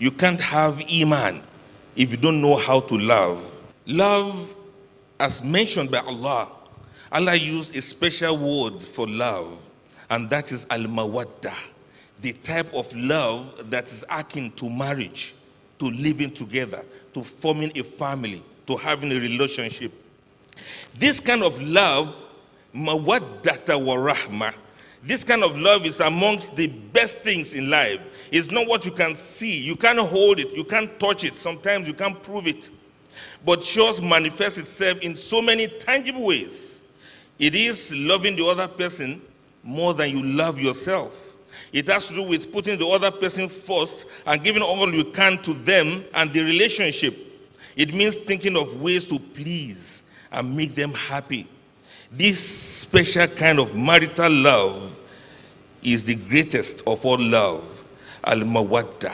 You can't have Iman if you don't know how to love. Love, as mentioned by Allah, Allah used a special word for love, and that is al mawadda, the type of love that is akin to marriage, to living together, to forming a family, to having a relationship. This kind of love, mawaddata wa rahma. this kind of love is amongst the best things in life. It's not what you can see. You can't hold it. You can't touch it. Sometimes you can't prove it. But just manifests itself in so many tangible ways. It is loving the other person more than you love yourself. It has to do with putting the other person first and giving all you can to them and the relationship. It means thinking of ways to please and make them happy. This special kind of marital love is the greatest of all love. almawadda